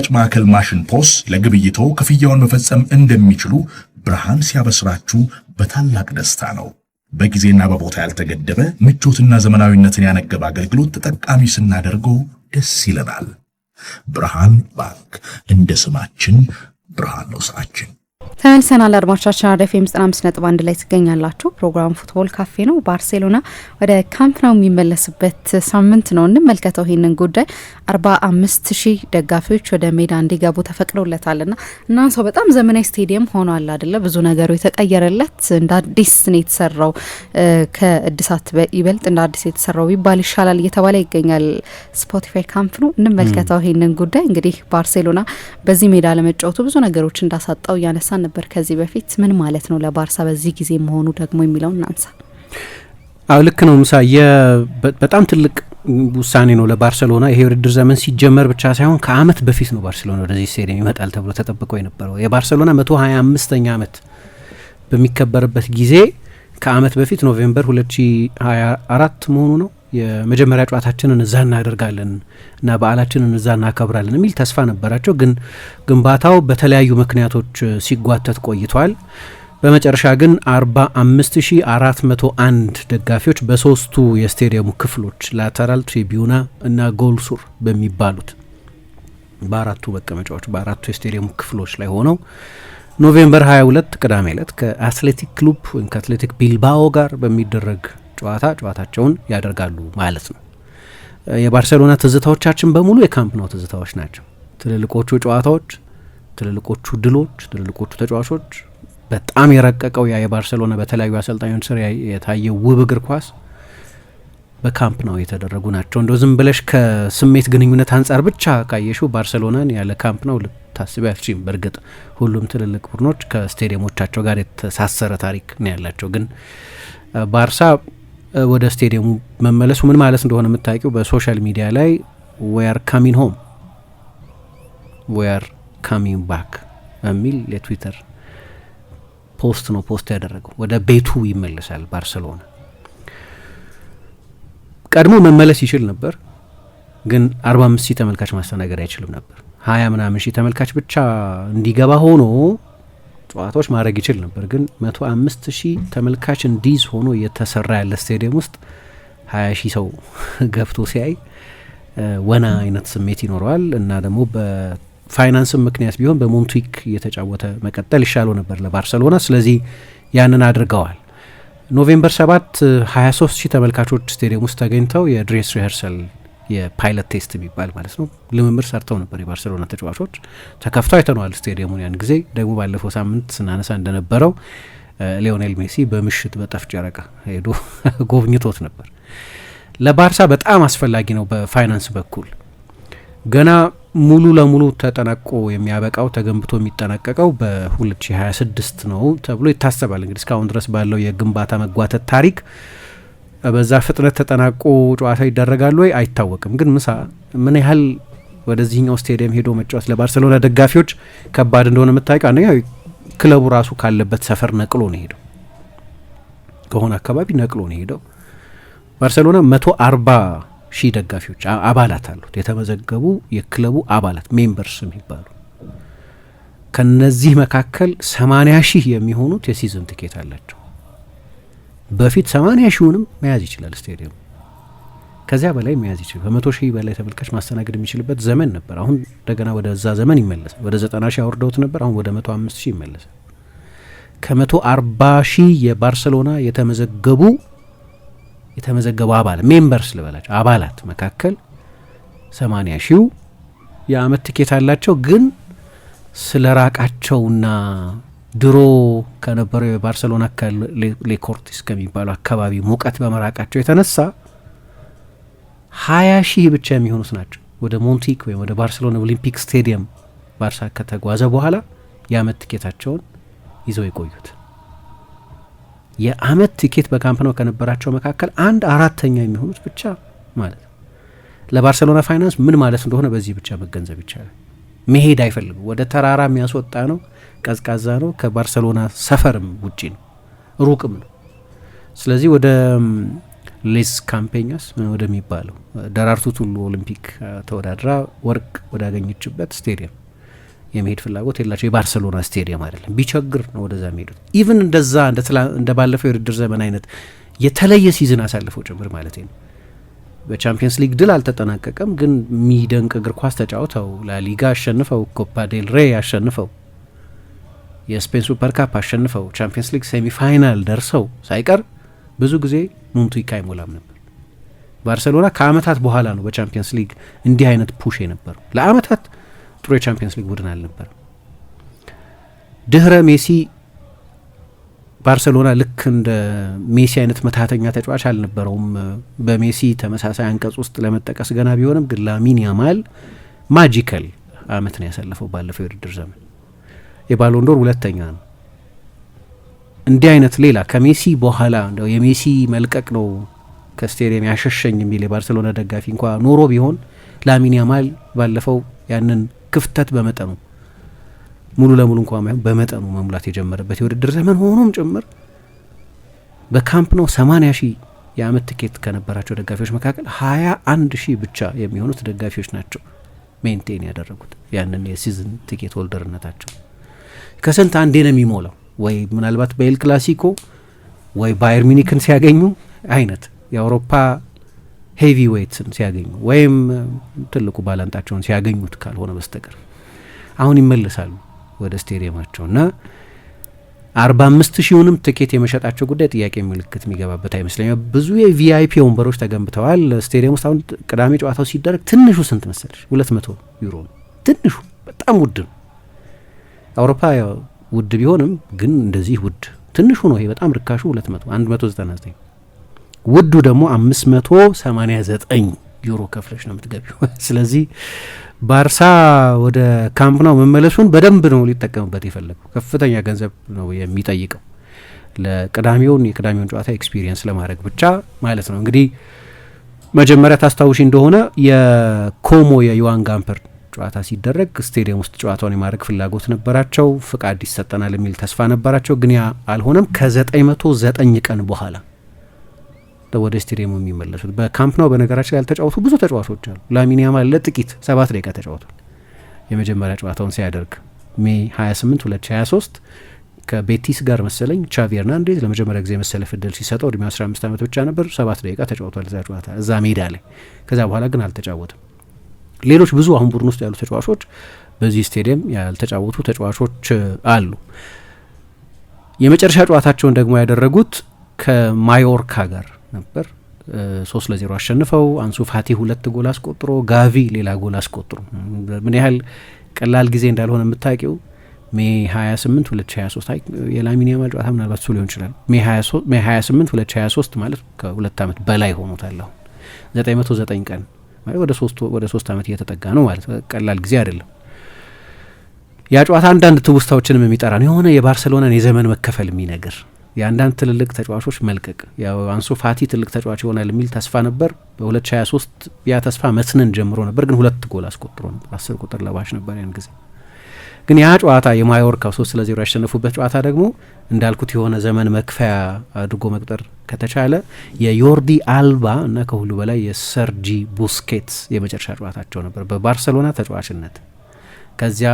የሽያጭ ማዕከል ማሽን ፖስ ለግብይቶ ክፍያውን መፈጸም እንደሚችሉ ብርሃን ሲያበስራችሁ በታላቅ ደስታ ነው። በጊዜና በቦታ ያልተገደበ ምቾትና ዘመናዊነትን ያነገበ አገልግሎት ተጠቃሚ ስናደርገው ደስ ይለናል። ብርሃን ባንክ እንደ ስማችን ብርሃን ነው ስራችን። ተመልሰናል አድማጮቻችን፣ አራዳ ኤፍ ኤም ዘጠና አምስት ነጥብ አንድ ላይ ትገኛላችሁ። ፕሮግራም ፉትቦል ካፌ ነው። ባርሴሎና ወደ ካምፕ ናው የሚመለስበት ሳምንት ነው። እንመልከተው ይህንን ጉዳይ። አርባ አምስት ሺህ ደጋፊዎች ወደ ሜዳ እንዲገቡ ተፈቅዶለታል ና ሰው በጣም ዘመናዊ ስቴዲየም ሆኗል አደለ? ብዙ ነገሩ የተቀየረለት እንደ አዲስ ነው የተሰራው። ከእድሳት ይበልጥ እንደ አዲስ የተሰራው ቢባል ይሻላል እየተባለ ይገኛል። ስፖቲፋይ ካምፕ ነው። እንመልከተው ይህንን ጉዳይ እንግዲህ ባርሴሎና በዚህ ሜዳ ለመጫወቱ ብዙ ነገሮች እንዳሳጣው እያነሳ ነበር ከዚህ በፊት ምን ማለት ነው ለባርሳ በዚህ ጊዜ መሆኑ ደግሞ የሚለው እናንሳ። አዎ ልክ ነው ምሳ በጣም ትልቅ ውሳኔ ነው ለባርሴሎና ይሄ ውድድር ዘመን ሲጀመር ብቻ ሳይሆን ከአመት በፊት ነው ባርሴሎና ወደዚህ ስቴዲየም ይመጣል ተብሎ ተጠብቆ የነበረው። የባርሰሎና መቶ ሀያ አምስተኛ አመት በሚከበርበት ጊዜ ከአመት በፊት ኖቬምበር ሁለት ሺ ሀያ አራት መሆኑ ነው የመጀመሪያ ጨዋታችንን እዛ እናደርጋለን እና በዓላችንን እዛ እናከብራለን የሚል ተስፋ ነበራቸው። ግን ግንባታው በተለያዩ ምክንያቶች ሲጓተት ቆይቷል። በመጨረሻ ግን 45401 ደጋፊዎች በሶስቱ የስቴዲየሙ ክፍሎች ላተራል፣ ትሪቢዩና እና ጎልሱር በሚባሉት በአራቱ መቀመጫዎች በአራቱ የስቴዲየሙ ክፍሎች ላይ ሆነው ኖቬምበር 22 ቅዳሜ ዕለት ከአትሌቲክ ክሉብ ወይም ከአትሌቲክ ቢልባኦ ጋር በሚደረግ ጨዋታ ጨዋታቸውን ያደርጋሉ ማለት ነው። የባርሴሎና ትዝታዎቻችን በሙሉ የካምፕ ነው ትዝታዎች ናቸው። ትልልቆቹ ጨዋታዎች፣ ትልልቆቹ ድሎች፣ ትልልቆቹ ተጫዋቾች፣ በጣም የረቀቀው ያ የባርሴሎና በተለያዩ አሰልጣኞች ስር የታየው ውብ እግር ኳስ በካምፕ ነው የተደረጉ ናቸው። እንደው ዝም ብለሽ ከስሜት ግንኙነት አንጻር ብቻ ካየሽው ባርሴሎናን ያለ ካምፕ ነው ልታስቢ አልችም። በእርግጥ ሁሉም ትልልቅ ቡድኖች ከስቴዲየሞቻቸው ጋር የተሳሰረ ታሪክ ነው ያላቸው። ግን ባርሳ ወደ ስቴዲየሙ መመለሱ ምን ማለት እንደሆነ የምታውቂው በሶሻል ሚዲያ ላይ ዌአር ካሚን ሆም ዌአር ካሚን ባክ የሚል የትዊተር ፖስት ነው ፖስት ያደረገው። ወደ ቤቱ ይመለሳል ባርሴሎና። ቀድሞ መመለስ ይችል ነበር፣ ግን አምስት ሺህ ተመልካች ማስተናገድ አይችልም ነበር። ሀያ ምናምን ሺህ ተመልካች ብቻ እንዲገባ ሆኖ ጨዋታዎች ማድረግ ይችል ነበር። ግን መቶ አምስት ሺህ ተመልካች እንዲይዝ ሆኖ እየተሰራ ያለ ስቴዲየም ውስጥ ሀያ ሺህ ሰው ገብቶ ሲያይ ወና አይነት ስሜት ይኖረዋል እና ደግሞ በፋይናንስም ምክንያት ቢሆን በሞንትዊክ እየተጫወተ መቀጠል ይሻለው ነበር ለባርሰሎና። ስለዚህ ያንን አድርገዋል። ኖቬምበር 7 23 ሺህ ተመልካቾች ስቴዲየም ውስጥ ተገኝተው የድሬስ ሪሄርሰል የፓይለት ቴስት የሚባል ማለት ነው። ልምምድ ሰርተው ነበር የባርሴሎና ተጫዋቾች ተከፍተው አይተነዋል ስቴዲየሙን። ያን ጊዜ ደግሞ ባለፈው ሳምንት ስናነሳ እንደነበረው ሊዮኔል ሜሲ በምሽት በጠፍ ጨረቃ ሄዶ ጎብኝቶት ነበር። ለባርሳ በጣም አስፈላጊ ነው። በፋይናንስ በኩል ገና ሙሉ ለሙሉ ተጠናቆ የሚያበቃው ተገንብቶ የሚጠናቀቀው በ2026 ነው ተብሎ ይታሰባል። እንግዲህ እስካሁን ድረስ ባለው የግንባታ መጓተት ታሪክ በዛ ፍጥነት ተጠናቆ ጨዋታ ይደረጋል ወይ አይታወቅም። ግን ምሳ ምን ያህል ወደዚህኛው ስቴዲየም ሄዶ መጫወት ለባርሴሎና ደጋፊዎች ከባድ እንደሆነ የምታውቀው አንደኛ ክለቡ ራሱ ካለበት ሰፈር ነቅሎ ነው ሄደው ከሆነ አካባቢ ነቅሎ ነው ሄደው። ባርሴሎና መቶ አርባ ሺህ ደጋፊዎች አባላት አሉት፣ የተመዘገቡ የክለቡ አባላት ሜምበርስ የሚባሉ ከነዚህ መካከል ሰማኒያ ሺህ የሚሆኑት የሲዝን ትኬት አላቸው። በፊት 80 ሺውንም መያዝ ይችላል ስቴዲየም ከዚያ በላይ መያዝ ይችላል። በመቶ ሺህ በላይ ተመልካች ማስተናገድ የሚችልበት ዘመን ነበር። አሁን እንደገና ወደዛ ዘመን ይመለሳል። ወደ ዘጠና ሺህ አውርደውት ነበር። አሁን ወደ መቶ አምስት ሺህ ይመለሳል። ከመቶ አርባ ሺህ የባርሰሎና የተመዘገቡ የተመዘገቡ አባላት ሜምበርስ ልበላቸው አባላት መካከል ሰማንያ ሺው የአመት ትኬት አላቸው ግን ስለ ራቃቸውና ድሮ ከነበረው የባርሰሎና ሌኮርቲስ ከሚባለው አካባቢ ሙቀት በመራቃቸው የተነሳ ሀያ ሺህ ብቻ የሚሆኑት ናቸው ወደ ሞንቲክ ወይም ወደ ባርሴሎና ኦሊምፒክ ስቴዲየም ባርሳ ከተጓዘ በኋላ የአመት ትኬታቸውን ይዘው የቆዩት። የአመት ትኬት በካምፕ ነው ከነበራቸው መካከል አንድ አራተኛው የሚሆኑት ብቻ ማለት ነው። ለባርሰሎና ፋይናንስ ምን ማለት እንደሆነ በዚህ ብቻ መገንዘብ ይቻላል። መሄድ አይፈልግም። ወደ ተራራ የሚያስወጣ ነው። ቀዝቃዛ ነው። ከባርሰሎና ሰፈርም ውጪ ነው፣ ሩቅም ነው። ስለዚህ ወደ ሌስ ካምፔኛስ ወደሚባለው ደራርቱ ቱሉ ኦሊምፒክ ተወዳድራ ወርቅ ወዳገኘችበት ስቴዲየም የመሄድ ፍላጎት የላቸው። የባርሰሎና ስቴዲየም አይደለም፣ ቢቸግር ነው ወደዛ የሚሄዱት። ኢቨን እንደዛ እንደ ባለፈው የውድድር ዘመን አይነት የተለየ ሲዝን አሳልፈው ጭምር ማለት ነው። በቻምፒየንስ ሊግ ድል አልተጠናቀቀም፣ ግን የሚደንቅ እግር ኳስ ተጫውተው ላሊጋ አሸንፈው፣ ኮፓ ዴል ሬ አሸንፈው፣ የስፔን ሱፐር ካፕ አሸንፈው፣ ቻምፒየንስ ሊግ ሴሚፋይናል ደርሰው ሳይቀር ብዙ ጊዜ ኑንቱይካ አይሞላም ነበር። ባርሴሎና ከአመታት በኋላ ነው በቻምፒየንስ ሊግ እንዲህ አይነት ፑሽ የነበረው። ለአመታት ጥሩ የቻምፒየንስ ሊግ ቡድን አልነበርም። ድህረ ሜሲ ባርሰሎና ልክ እንደ ሜሲ አይነት መታተኛ ተጫዋች አልነበረውም። በሜሲ ተመሳሳይ አንቀጽ ውስጥ ለመጠቀስ ገና ቢሆንም ግን ላሚን ያማል ማጂካል አመት ነው ያሳለፈው። ባለፈው የውድድር ዘመን የባሎንዶር ሁለተኛ ነው። እንዲህ አይነት ሌላ ከሜሲ በኋላ እንደው የሜሲ መልቀቅ ነው ከስቴዲየም ያሸሸኝ የሚል የባርሰሎና ደጋፊ እንኳ ኖሮ ቢሆን ላሚን ያማል ባለፈው ያንን ክፍተት በመጠኑ ሙሉ ለሙሉ እንኳን ባይሆን በመጠኑ መሙላት የጀመረበት የውድድር ዘመን ሆኖም ጭምር በካምፕ ነው 80 ሺህ የአመት ትኬት ከነበራቸው ደጋፊዎች መካከል 21 ሺህ ብቻ የሚሆኑት ደጋፊዎች ናቸው ሜንቴን ያደረጉት ያንን የሲዝን ትኬት ሆልደርነታቸው። ከስንት አንዴ ነው የሚሞላው ወይ ምናልባት በኤል ክላሲኮ ወይ ባየር ሚኒክን ሲያገኙ አይነት የአውሮፓ ሄቪ ዌይትስን ሲያገኙ ወይም ትልቁ ባላንጣቸውን ሲያገኙት ካልሆነ በስተቀር አሁን ይመልሳሉ። ወደ ስቴዲየማቸው እና አርባ አምስት ሺውንም ትኬት የመሸጣቸው ጉዳይ ጥያቄ ምልክት የሚገባበት አይመስለኛል። ብዙ የቪአይፒ ወንበሮች ተገንብተዋል ስቴዲየም ውስጥ። አሁን ቅዳሜ ጨዋታው ሲደረግ ትንሹ ስንት መሰለሽ? ሁለት መቶ ዩሮ ነው። ትንሹ በጣም ውድ ነው። አውሮፓ ውድ ቢሆንም ግን እንደዚህ ውድ ትንሹ ነው። ይሄ በጣም ርካሹ ሁለት መቶ አንድ መቶ ዘጠና ዘጠኝ ውዱ ደግሞ አምስት መቶ ሰማኒያ ዘጠኝ ዩሮ ከፍለሽ ነው የምትገቢው። ስለዚህ ባርሳ ወደ ካምፕ ናው መመለሱን በደንብ ነው ሊጠቀምበት የፈለገው። ከፍተኛ ገንዘብ ነው የሚጠይቀው ለቅዳሜውን የቅዳሜውን ጨዋታ ኤክስፒሪየንስ ለማድረግ ብቻ ማለት ነው። እንግዲህ መጀመሪያ ታስታውሺ እንደሆነ የኮሞ የዮዋን ጋምፐር ጨዋታ ሲደረግ ስቴዲየም ውስጥ ጨዋታውን የማድረግ ፍላጎት ነበራቸው። ፍቃድ ይሰጠናል የሚል ተስፋ ነበራቸው፣ ግን ያ አልሆነም። ከዘጠኝ መቶ ዘጠኝ ቀን በኋላ ወደ ስቴዲየሙ የሚመለሱት። በካምፕ ነው። በነገራችን ላይ ያልተጫወቱ ብዙ ተጫዋቾች አሉ። ላሚን ያማል ለጥቂት ሰባት ደቂቃ ተጫወቷል። የመጀመሪያ ጨዋታውን ሲያደርግ ሜ 28 2023 ከቤቲስ ጋር መሰለኝ ቻቪ ሄርናንዴዝ ለመጀመሪያ ጊዜ መሰለፍ እድል ሲሰጠው እድሜው 15 ዓመት ብቻ ነበር። ሰባት ደቂቃ ተጫወቷል እዛ ጨዋታ እዛ ሜዳ ላይ። ከዛ በኋላ ግን አልተጫወትም። ሌሎች ብዙ አሁን ቡድን ውስጥ ያሉ ተጫዋቾች በዚህ ስቴዲየም ያልተጫወቱ ተጫዋቾች አሉ። የመጨረሻ ጨዋታቸውን ደግሞ ያደረጉት ከማዮርካ ጋር ነበር። ሶስት ለዜሮ አሸንፈው አንሱ ፋቲ ሁለት ጎል አስቆጥሮ ጋቪ ሌላ ጎል አስቆጥሮ ምን ያህል ቀላል ጊዜ እንዳልሆነ የምታውቂው ሜ 28 2023 የላሚን ያማል ጨዋታ ምናልባት ሱ ሊሆን ይችላል። ሜ 28 2023 ማለት ከሁለት ዓመት በላይ ሆኖታል። አሁን 909 ቀን ማለት ወደ ሶስት ወደ ሶስት ዓመት እየተጠጋ ነው ማለት ቀላል ጊዜ አይደለም። ያ ጨዋታ አንዳንድ ትውስታዎችንም የሚጠራ ነው። የሆነ የባርሴሎናን የዘመን መከፈል የሚነግር የአንዳንድ ትልልቅ ተጫዋቾች መልቀቅ አንሶ ፋቲ ትልቅ ተጫዋች ይሆናል የሚል ተስፋ ነበር። በ2023 ያ ተስፋ መስነን ጀምሮ ነበር፣ ግን ሁለት ጎል አስቆጥሮ ነበር። አስር ቁጥር ለባሽ ነበር ያን ጊዜ። ግን ያ ጨዋታ የማዮርካ ሶስት ለዜሮ ያሸነፉበት ጨዋታ ደግሞ እንዳልኩት የሆነ ዘመን መክፈያ አድርጎ መቁጠር ከተቻለ የዮርዲ አልባ እና ከሁሉ በላይ የሰርጂ ቡስኬትስ የመጨረሻ ጨዋታቸው ነበር በባርሰሎና ተጫዋችነት ከዚያ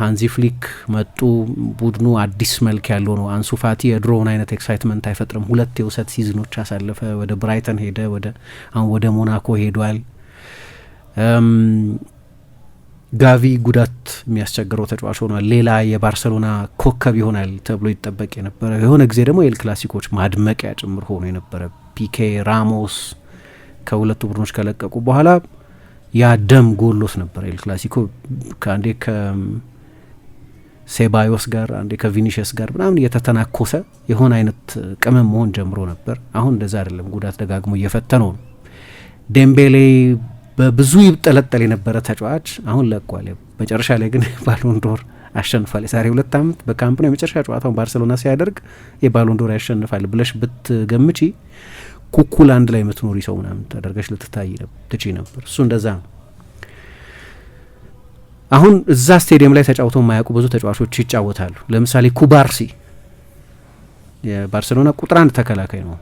ሀንዚ ፍሊክ መጡ። ቡድኑ አዲስ መልክ ያለው ነው። አንሱ ፋቲ የድሮውን አይነት ኤክሳይትመንት አይፈጥርም። ሁለት የውሰት ሲዝኖች አሳለፈ። ወደ ብራይተን ሄደ፣ ወደ አሁን ወደ ሞናኮ ሄዷል። ጋቪ ጉዳት የሚያስቸግረው ተጫዋች ሆኗል። ሌላ የባርሰሎና ኮከብ ይሆናል ተብሎ ይጠበቅ የነበረ የሆነ ጊዜ ደግሞ የኤል ክላሲኮች ማድመቂያ ጭምር ሆኖ የነበረ ፒኬ፣ ራሞስ ከሁለቱ ቡድኖች ከለቀቁ በኋላ ያ ደም ጎሎት ነበር ኤል ክላሲኮ ከአንዴ ሴባዮስ ጋር አንዴ ከቪኒሽስ ጋር ምናምን እየተተናኮሰ የሆነ አይነት ቅመም መሆን ጀምሮ ነበር። አሁን እንደዛ አይደለም፣ ጉዳት ደጋግሞ እየፈተነው ነው። ዴምቤሌ በብዙ ይብጠለጠል የነበረ ተጫዋች አሁን ለቋል። መጨረሻ ላይ ግን ባሎንዶር አሸንፏል። የዛሬ ሁለት ዓመት በካምፕ ነው የመጨረሻ ጨዋታውን ባርሴሎና ሲያደርግ የባሎንዶር ያሸንፋል ብለሽ ብትገምቺ ኩኩል አንድ ላይ የምትኖሪ ሰው ምናምን ተደርገሽ ልትታይ ትቺ ነበር። እሱ እንደዛ ነው። አሁን እዛ ስቴዲየም ላይ ተጫውተው የማያውቁ ብዙ ተጫዋቾች ይጫወታሉ። ለምሳሌ ኩባርሲ የባርሴሎና ቁጥር አንድ ተከላካይ ነው።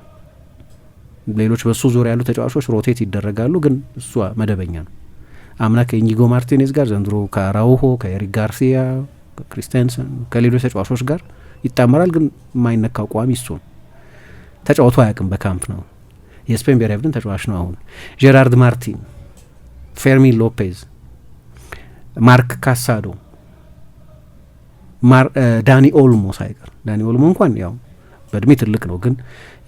ሌሎች በሱ ዙሪያ ያሉ ተጫዋቾች ሮቴት ይደረጋሉ፣ ግን እሷ መደበኛ ነው። አምና ከኢኒጎ ማርቲኔዝ ጋር፣ ዘንድሮ ከአራውሆ ከኤሪክ ጋርሲያ ከክሪስተንሰን ከሌሎች ተጫዋቾች ጋር ይጣመራል፣ ግን የማይነካው ቋሚ እሱ ነው። ተጫውቶ አያውቅም። በካምፕ ነው። የስፔን ብሔራዊ ቡድን ተጫዋች ነው። አሁን ጀራርድ ማርቲን፣ ፌርሚን ሎፔዝ ማርክ ካሳዶ፣ ዳኒ ኦልሞ ሳይቀር ዳኒ ኦልሞ እንኳን ያው በእድሜ ትልቅ ነው፣ ግን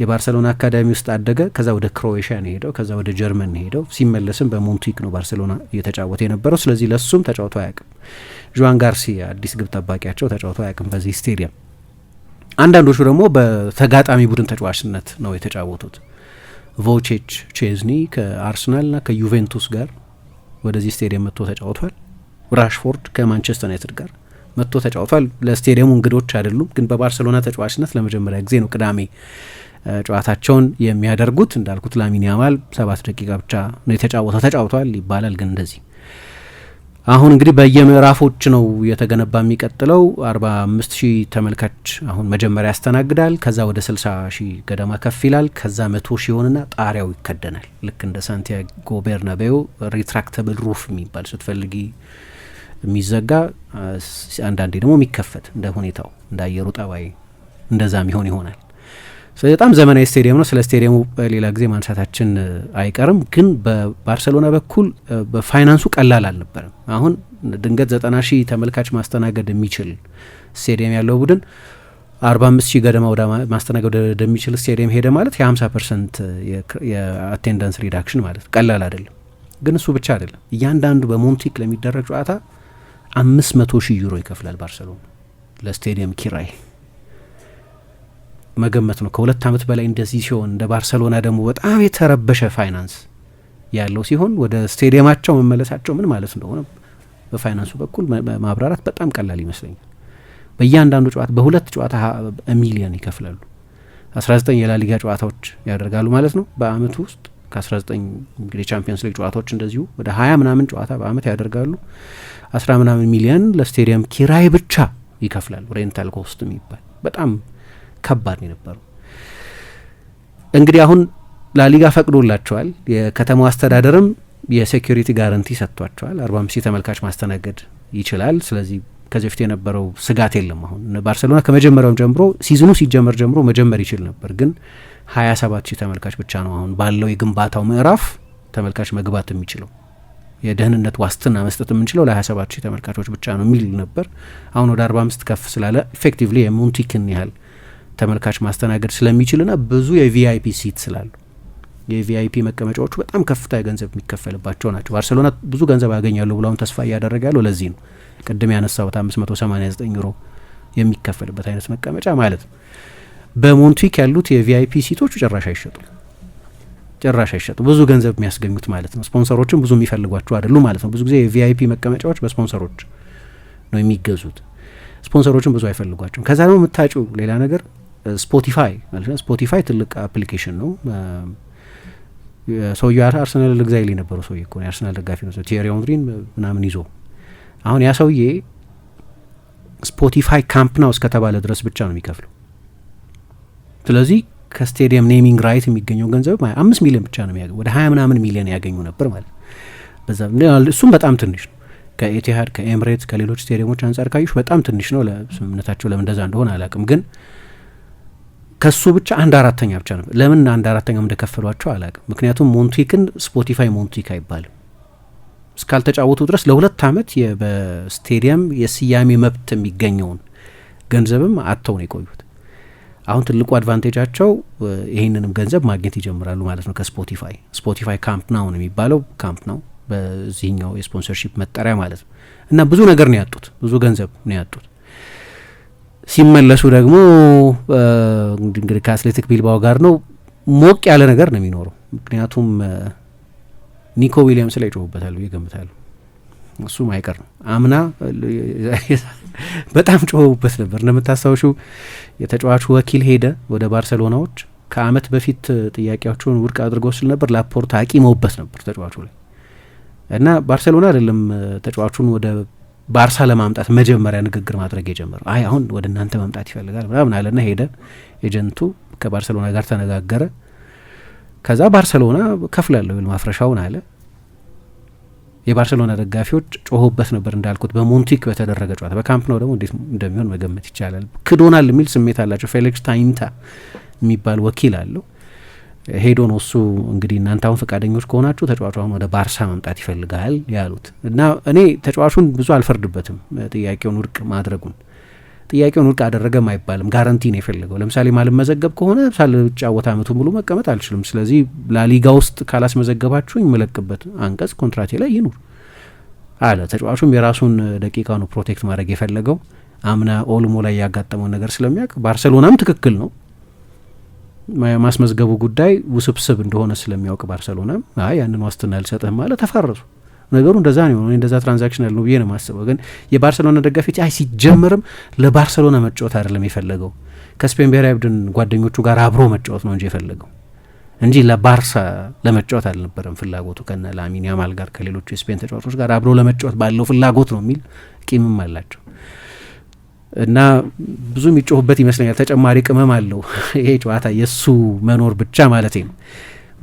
የባርሰሎና አካዳሚ ውስጥ አደገ። ከዛ ወደ ክሮኤሽያ ነው ሄደው፣ ከዛ ወደ ጀርመን ነው ሄደው። ሲመለስም በሞንቲክ ነው ባርሴሎና እየተጫወተ የነበረው። ስለዚህ ለሱም ተጫውቶ አያውቅም። ዡዋን ጋርሲያ አዲስ ግብ ጠባቂያቸው ተጫውቶ አያውቅም በዚህ ስቴዲየም። አንዳንዶቹ ደግሞ በተጋጣሚ ቡድን ተጫዋችነት ነው የተጫወቱት። ቮቼች ቼዝኒ ከአርሰናልና ከዩቬንቱስ ጋር ወደዚህ ስቴዲየም መጥቶ ተጫውቷል። ራሽፎርድ ከማንቸስተር ዩናይትድ ጋር መጥቶ ተጫውቷል። ለስቴዲየሙ እንግዶች አይደሉም፣ ግን በባርሴሎና ተጫዋችነት ለመጀመሪያ ጊዜ ነው ቅዳሜ ጨዋታቸውን የሚያደርጉት። እንዳልኩት ላሚን ያማል ሰባት ደቂቃ ብቻ ነው የተጫወተው። ተጫውቷል ይባላል፣ ግን እንደዚህ አሁን እንግዲህ በየምዕራፎች ነው የተገነባ የሚቀጥለው። አርባ አምስት ሺህ ተመልካች አሁን መጀመሪያ ያስተናግዳል። ከዛ ወደ ስልሳ ሺህ ገደማ ከፍ ይላል። ከዛ መቶ ሺህ ሆንና ጣሪያው ይከደናል። ልክ እንደ ሳንቲያጎ ቤርናቤው ሪትራክተብል ሩፍ የሚባል ስትፈልጊ የሚዘጋ አንዳንዴ ደግሞ የሚከፈት እንደ ሁኔታው እንደ አየሩ ጠባይ እንደዛ ሚሆን ይሆናል። ስለዚህ በጣም ዘመናዊ ስቴዲየም ነው። ስለ ስቴዲየሙ ሌላ ጊዜ ማንሳታችን አይቀርም። ግን በባርሰሎና በኩል በፋይናንሱ ቀላል አልነበርም። አሁን ድንገት ዘጠና ሺህ ተመልካች ማስተናገድ የሚችል ስቴዲየም ያለው ቡድን አርባ አምስት ሺህ ገደማ ወደ ማስተናገድ ወደሚችል ስቴዲየም ሄደ ማለት የሀምሳ ፐርሰንት የአቴንዳንስ ሪዳክሽን ማለት ቀላል አይደለም። ግን እሱ ብቻ አይደለም። እያንዳንዱ በሞንቲክ ለሚደረግ ጨዋታ አምስት መቶ ሺህ ዩሮ ይከፍላል ባርሰሎና ለስቴዲየም ኪራይ። መገመት ነው። ከሁለት ዓመት በላይ እንደዚህ ሲሆን እንደ ባርሰሎና ደግሞ በጣም የተረበሸ ፋይናንስ ያለው ሲሆን ወደ ስቴዲየማቸው መመለሳቸው ምን ማለት እንደሆነ በፋይናንሱ በኩል ማብራራት በጣም ቀላል ይመስለኛል። በእያንዳንዱ ጨዋታ በሁለት ጨዋታ ሚሊዮን ይከፍላሉ። 19 የላሊጋ ጨዋታዎች ያደርጋሉ ማለት ነው በአመቱ ውስጥ ከ19 እንግዲህ ቻምፒየንስ ሊግ ጨዋታዎች እንደዚሁ ወደ 20 ምናምን ጨዋታ በአመት ያደርጋሉ። 10 ምናምን ሚሊዮን ለስቴዲየም ኪራይ ብቻ ይከፍላል። ሬንታል ኮስት የሚባል በጣም ከባድ ነው የነበረው። እንግዲህ አሁን ላሊጋ ፈቅዶላቸዋል። የከተማው አስተዳደርም የሴኪሪቲ ጋረንቲ ሰጥቷቸዋል። 45 ተመልካች ማስተናገድ ይችላል። ስለዚህ ከዚህ በፊት የነበረው ስጋት የለም። አሁን ባርሴሎና ከመጀመሪያውም ጀምሮ ሲዝኑ ሲጀመር ጀምሮ መጀመር ይችል ነበር ግን 27 ሺህ ተመልካች ብቻ ነው አሁን ባለው የግንባታው ምዕራፍ ተመልካች መግባት የሚችለው የደህንነት ዋስትና መስጠት የምንችለው ለ27 ሺህ ተመልካቾች ብቻ ነው የሚል ነበር። አሁን ወደ 45 ከፍ ስላለ ኢፌክቲቭሊ የሙንቲክን ያህል ተመልካች ማስተናገድ ስለሚችልና ብዙ የቪአይፒ ሲት ስላሉ የቪአይፒ መቀመጫዎቹ በጣም ከፍታ ገንዘብ የሚከፈልባቸው ናቸው። ባርሴሎና ብዙ ገንዘብ ያገኛሉ ብለውን ተስፋ እያደረገ ያለው ለዚህ ነው። ቅድም ያነሳሁት 589 ዩሮ የሚከፈልበት አይነት መቀመጫ ማለት ነው። በሞንትዊክ ያሉት የቪአይፒ ሲቶቹ ጭራሽ አይሸጡ ጭራሽ አይሸጡ ብዙ ገንዘብ የሚያስገኙት ማለት ነው። ስፖንሰሮችም ብዙ የሚፈልጓቸው አይደሉ ማለት ነው። ብዙ ጊዜ የቪአይፒ መቀመጫዎች በስፖንሰሮች ነው የሚገዙት። ስፖንሰሮችም ብዙ አይፈልጓቸውም። ከዛ ደግሞ የምታጩ ሌላ ነገር ስፖቲፋይ ማለት ነው። ስፖቲፋይ ትልቅ አፕሊኬሽን ነው። ሰውየ አርሰናል ልግዛይል የነበረው ሰውዬ እኮ የአርሰናል ደጋፊ ነው። ቲዬሪ ኦንሪን ምናምን ይዞ አሁን ያ ሰውዬ ስፖቲፋይ ካምፕ ናው እስከተባለ ድረስ ብቻ ነው የሚከፍለው ስለዚህ ከስቴዲየም ኔሚንግ ራይት የሚገኘው ገንዘብ አምስት ሚሊዮን ብቻ ነው ወደ ሀያ ምናምን ሚሊዮን ያገኙ ነበር ማለት በዛ እሱም በጣም ትንሽ ነው። ከኤቲሃድ ከኤምሬት ከሌሎች ስቴዲየሞች አንጻር ካዩሽ በጣም ትንሽ ነው። ለስምምነታቸው ለምን እንደዛ እንደሆነ አላቅም ግን ከሱ ብቻ አንድ አራተኛ ብቻ ነው። ለምን አንድ አራተኛም እንደከፈሏቸው አላቅም ምክንያቱም ሞንቲክን ስፖቲፋይ ሞንቲክ አይባልም እስካልተጫወቱ ድረስ ለሁለት ዓመት በስቴዲየም የስያሜ መብት የሚገኘውን ገንዘብም አጥተው ነው የቆዩት። አሁን ትልቁ አድቫንቴጃቸው ይህንንም ገንዘብ ማግኘት ይጀምራሉ ማለት ነው ከስፖቲፋይ። ስፖቲፋይ ካምፕ ናው ነው የሚባለው፣ ካምፕ ናው በዚህኛው የስፖንሰርሺፕ መጠሪያ ማለት ነው። እና ብዙ ነገር ነው ያጡት፣ ብዙ ገንዘብ ነው ያጡት። ሲመለሱ ደግሞ እንግዲህ ከአትሌቲክ ቢልባው ጋር ነው ሞቅ ያለ ነገር ነው የሚኖረው። ምክንያቱም ኒኮ ዊሊያምስ ላይ ይጮሁበታሉ ይገምታሉ እሱም አይቀር ነው። አምና በጣም ጮኸውበት ነበር። እንደምታስታውሹ የተጫዋቹ ወኪል ሄደ ወደ ባርሴሎናዎች። ከአመት በፊት ጥያቄያቸውን ውድቅ አድርገው ስል ነበር ላፖርታ አቂመውበት ነበር ተጫዋቹ ላይ እና ባርሴሎና አይደለም ተጫዋቹን ወደ ባርሳ ለማምጣት መጀመሪያ ንግግር ማድረግ የጀመረው አይ አሁን ወደ እናንተ መምጣት ይፈልጋል ምናምን አለና ሄደ። ኤጀንቱ ከባርሴሎና ጋር ተነጋገረ። ከዛ ባርሴሎና ከፍላለሁ ማፍረሻውን አለ የባርሴሎና ደጋፊዎች ጮሆበት ነበር እንዳልኩት በሞንቲክ በተደረገ ጨዋታ። በካምፕ ነው ደግሞ እንዴት እንደሚሆን መገመት ይቻላል። ክዶናል የሚል ስሜት አላቸው። ፌሊክስ ታይንታ የሚባል ወኪል አለው ሄዶ ነው እሱ እንግዲህ እናንተ አሁን ፈቃደኞች ከሆናችሁ ተጫዋቹን ወደ ባርሳ መምጣት ይፈልጋል ያሉት እና እኔ ተጫዋቹን ብዙ አልፈርድበትም ጥያቄውን ውድቅ ማድረጉን ጥያቄውን ውድቅ አደረገም አይባልም። ጋራንቲ ነው የፈለገው። ለምሳሌ ማልመዘገብ ከሆነ ሳልጫወት አመቱ ሙሉ መቀመጥ አልችልም። ስለዚህ ላሊጋ ውስጥ ካላስመዘገባችሁ የምለቅበት አንቀጽ ኮንትራቴ ላይ ይኑር አለ። ተጫዋቹም የራሱን ደቂቃ ነው ፕሮቴክት ማድረግ የፈለገው። አምና ኦልሞ ላይ ያጋጠመው ነገር ስለሚያውቅ ባርሰሎናም ትክክል ነው ማስመዝገቡ ጉዳይ ውስብስብ እንደሆነ ስለሚያውቅ ባርሰሎናም ያንን ዋስትና አልሰጥህም ማለት ተፋረሱ። ነገሩ እንደዛ ነው እንደዛ ትራንዛክሽናል ነው ብዬ ነው የማስበው። ግን የባርሰሎና ደጋፊ አይ ሲጀምርም ለባርሰሎና መጫወት አይደለም የፈለገው ከስፔን ብሔራዊ ቡድን ጓደኞቹ ጋር አብሮ መጫወት ነው እንጂ የፈለገው እንጂ ለባርሳ ለመጫወት አልነበረም ፍላጎቱ። ከነ ላሚን ያማል ጋር ከሌሎቹ የስፔን ተጫዋቾች ጋር አብሮ ለመጫወት ባለው ፍላጎት ነው የሚል ቂምም አላቸው እና ብዙ የሚጮሁበት ይመስለኛል። ተጨማሪ ቅመም አለው ይሄ ጨዋታ የእሱ መኖር ብቻ ማለት ነው።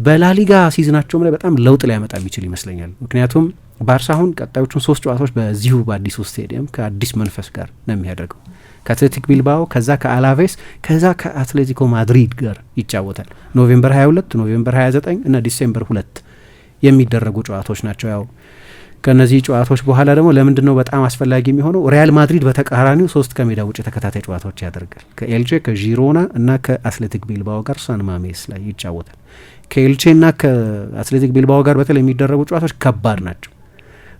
በላሊጋ ሲዝናቸውም ላይ በጣም ለውጥ ሊያመጣ የሚችል ይመስለኛል። ምክንያቱም ባርሳ አሁን ቀጣዮቹን ሶስት ጨዋታዎች በዚሁ በአዲሱ ስቴዲየም ከአዲስ መንፈስ ጋር ነው የሚያደርገው። ከአትሌቲክ ቢልባኦ፣ ከዛ ከአላቬስ፣ ከዛ ከአትሌቲኮ ማድሪድ ጋር ይጫወታል። ኖቬምበር 22፣ ኖቬምበር 29 እና ዲሴምበር ሁለት የሚደረጉ ጨዋታዎች ናቸው። ያው ከነዚህ ጨዋታዎች በኋላ ደግሞ ለምንድን ነው በጣም አስፈላጊ የሚሆነው? ሪያል ማድሪድ በተቃራኒው ሶስት ከሜዳ ውጭ ተከታታይ ጨዋታዎች ያደርጋል። ከኤልጄ ከዢሮና እና ከአትሌቲክ ቢልባኦ ጋር ሳንማሜስ ላይ ይጫወታል። ከኤልቼና ከአትሌቲክ ቢልባኦ ጋር በተለይ የሚደረጉ ጨዋታዎች ከባድ ናቸው።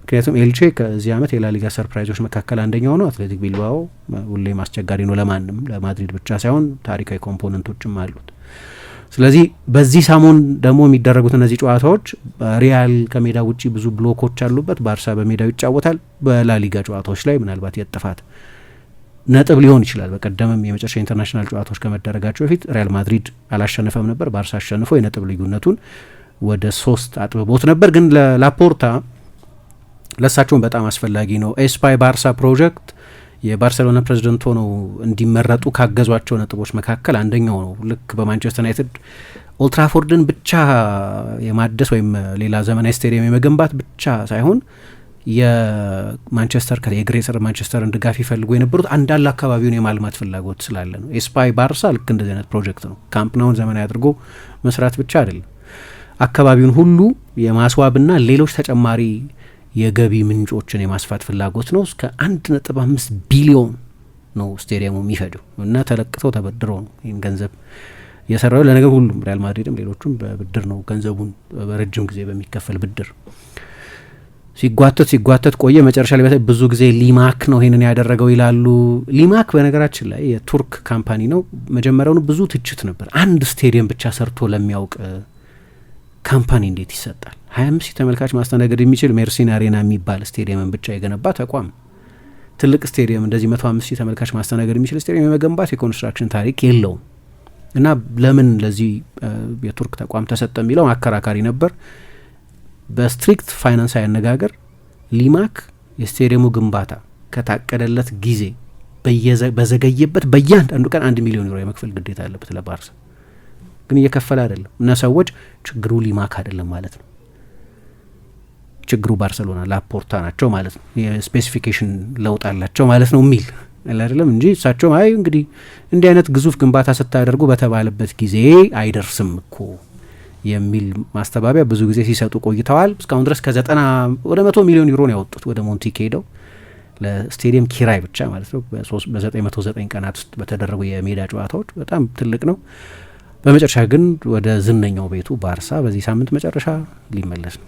ምክንያቱም ኤልቼ ከዚህ ዓመት የላሊጋ ሰርፕራይዞች መካከል አንደኛው ነው። አትሌቲክ ቢልባኦ ሁሌም አስቸጋሪ ነው ለማንም፣ ለማድሪድ ብቻ ሳይሆን ታሪካዊ ኮምፖነንቶችም አሉት። ስለዚህ በዚህ ሳሙን ደግሞ የሚደረጉት እነዚህ ጨዋታዎች ሪያል ከሜዳ ውጭ ብዙ ብሎኮች አሉበት። ባርሳ በሜዳው ይጫወታል። በላሊጋ ጨዋታዎች ላይ ምናልባት የጥፋት ነጥብ ሊሆን ይችላል። በቀደምም የመጨረሻ ኢንተርናሽናል ጨዋታዎች ከመደረጋቸው በፊት ሪያል ማድሪድ አላሸነፈም ነበር። ባርሳ አሸንፎ የነጥብ ልዩነቱን ወደ ሶስት አጥብቦት ነበር። ግን ለላፖርታ ለእሳቸውን በጣም አስፈላጊ ነው። ኤስፓይ ባርሳ ፕሮጀክት የባርሴሎና ፕሬዚደንት ሆነው እንዲመረጡ ካገዟቸው ነጥቦች መካከል አንደኛው ነው። ልክ በማንቸስተር ዩናይትድ ኦልትራፎርድን ብቻ የማደስ ወይም ሌላ ዘመናዊ ስቴዲየም የመገንባት ብቻ ሳይሆን የማንቸስተር የግሬተር ማንቸስተርን ድጋፍ ይፈልጉ የነበሩት አንዳንድ አካባቢውን የማልማት ፍላጎት ስላለ ነው። ኤስፓይ ባርሳ ልክ እንደዚህ አይነት ፕሮጀክት ነው። ካምፕ ናውን ዘመናዊ አድርጎ መስራት ብቻ አይደለም፣ አካባቢውን ሁሉ የማስዋብና ሌሎች ተጨማሪ የገቢ ምንጮችን የማስፋት ፍላጎት ነው። እስከ አንድ ነጥብ አምስት ቢሊዮን ነው ስቴዲየሙ የሚፈጀው እና ተለቅተው ተበድረው ነው ይህን ገንዘብ የሰራው። ለነገር ሁሉም ሪያል ማድሪድም ሌሎቹም በብድር ነው ገንዘቡን በረጅም ጊዜ በሚከፈል ብድር ሲጓተት ሲጓተት ቆየ። መጨረሻ ላይ ብዙ ጊዜ ሊማክ ነው ይሄንን ያደረገው ይላሉ። ሊማክ በነገራችን ላይ የቱርክ ካምፓኒ ነው። መጀመሪያውኑ ብዙ ትችት ነበር። አንድ ስቴዲየም ብቻ ሰርቶ ለሚያውቅ ካምፓኒ እንዴት ይሰጣል? ሀያ አምስት ሺህ ተመልካች ማስተናገድ የሚችል ሜርሲን አሬና የሚባል ስቴዲየምን ብቻ የገነባ ተቋም ትልቅ ስቴዲየም እንደዚህ መቶ አምስት ሺህ ተመልካች ማስተናገድ የሚችል ስቴዲየም የመገንባት የኮንስትራክሽን ታሪክ የለውም እና ለምን ለዚህ የቱርክ ተቋም ተሰጠ የሚለው አከራካሪ ነበር። በስትሪክት ፋይናንሳዊ አነጋገር ሊማክ የስቴዲየሙ ግንባታ ከታቀደለት ጊዜ በዘገየበት በእያንዳንዱ ቀን አንድ ሚሊዮን ዩሮ የመክፈል ግዴታ አለበት ለባርሳ። ግን እየከፈለ አይደለም እና ሰዎች ችግሩ ሊማክ አይደለም ማለት ነው። ችግሩ ባርሰሎና ላፖርታ ናቸው ማለት ነው። የስፔሲፊኬሽን ለውጥ አላቸው ማለት ነው የሚል አይደለም እንጂ እሳቸውም አይ እንግዲህ እንዲህ አይነት ግዙፍ ግንባታ ስታደርጉ በተባለበት ጊዜ አይደርስም እኮ የሚል ማስተባበያ ብዙ ጊዜ ሲሰጡ ቆይተዋል። እስካሁን ድረስ ከዘጠና ወደ መቶ ሚሊዮን ዩሮ ነው ያወጡት ወደ ሞንቲክ ሄደው ለስቴዲየም ኪራይ ብቻ ማለት ነው። ዘጠኝ ቀናት ውስጥ በተደረጉ የሜዳ ጨዋታዎች በጣም ትልቅ ነው። በመጨረሻ ግን ወደ ዝነኛው ቤቱ ባርሳ በዚህ ሳምንት መጨረሻ ሊመለስ ነው።